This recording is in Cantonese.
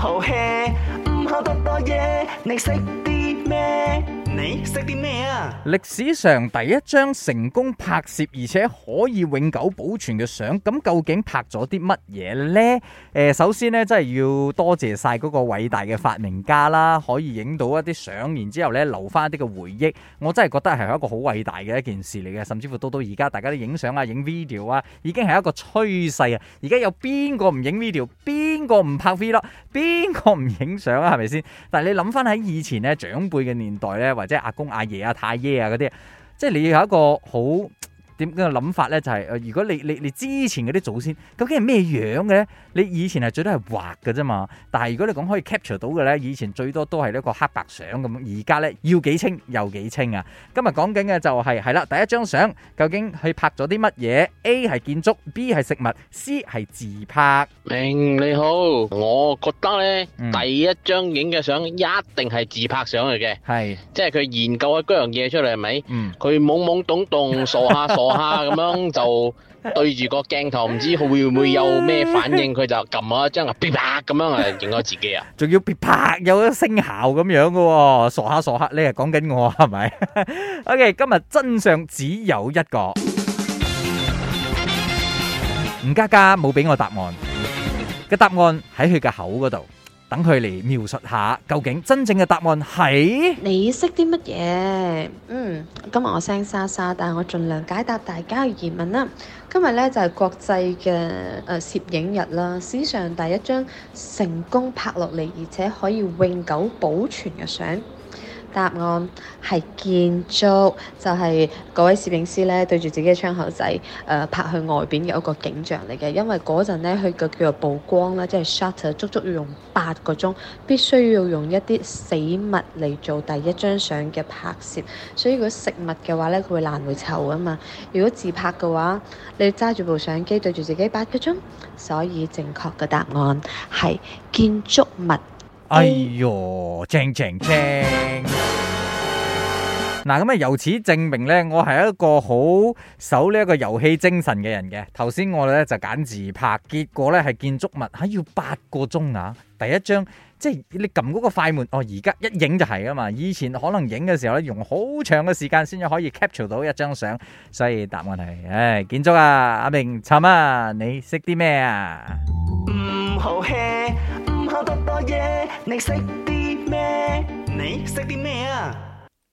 好 hea 唔好得多嘢，你識啲咩？你識啲咩啊？歷史上第一張成功拍攝而且可以永久保存嘅相，咁究竟拍咗啲乜嘢呢？誒、呃，首先呢，真係要多謝晒嗰個偉大嘅發明家啦，可以影到一啲相，然之後呢，留翻一啲嘅回憶，我真係覺得係一個好偉大嘅一件事嚟嘅，甚至乎到到而家，大家都影相啊，影 video 啊，已經係一個趨勢啊，而家有邊個唔影 video？邊個唔拍片啦？邊個唔影相啊？係咪先？但係你諗翻喺以前咧，長輩嘅年代咧，或者阿公阿爺阿太爺啊嗰啲，即係你要有一個好。點嘅諗法咧就係、是，如果你你你之前嗰啲祖先究竟係咩樣嘅咧？你以前係最多係畫嘅啫嘛。但係如果你講可以 capture 到嘅咧，以前最多都係一個黑白相咁。而家咧要幾清又幾清啊！今日講緊嘅就係、是、係啦，第一張相究竟佢拍咗啲乜嘢？A 係建築，B 係食物，C 係自拍。明你好，我覺得咧、嗯、第一張影嘅相一定係自拍相嚟嘅，係是即係佢研究咗嗰樣嘢出嚟係咪？是是嗯，佢懵懵懂懂,懂傻下傻。吓，咁樣就對住個鏡頭，唔知佢會唔會有咩反應？佢就撳我一張啊，嗶啪咁樣嚟影我自己啊！仲要嗶啪有咗聲效咁樣噶，傻下傻下，你係講緊我係咪？O K，今日真相只有一個，吳嘉嘉冇俾我答案，個答案喺佢嘅口嗰度。等佢嚟描述下究竟真正嘅答案係？你識啲乜嘢？嗯，今日我聲沙沙，但係我盡量解答大家嘅疑問啦。今日呢就係國際嘅誒攝影日啦。史上第一張成功拍落嚟而且可以永久保存嘅相。答案係建築，就係、是、嗰位攝影師咧對住自己嘅窗口仔，誒、呃、拍去外邊有一個景象嚟嘅。因為嗰陣咧佢個叫做曝光啦，即係 shutter 足足要用八個鐘，必須要用一啲死物嚟做第一張相嘅拍攝。所以如果食物嘅話咧，佢會爛會臭啊嘛。如果自拍嘅話，你揸住部相機對住自己八個鐘，所以正確嘅答案係建築物。嗯、哎呦，正正正，正！嗱，咁啊，由此證明咧，我係一個好守呢一個遊戲精神嘅人嘅。頭先我哋咧就揀自拍，結果咧係建築物，吓、啊、要八個鐘啊！第一張即係你撳嗰個快門，哦，而家一影就係啊嘛。以前可能影嘅時候咧，用好長嘅時間先至可以 capture 到一張相。所以答案係，唉、哎，建築啊，阿明，慘啊，你識啲咩啊？唔好笑，唔好多多嘢，你識啲咩？你識啲咩啊？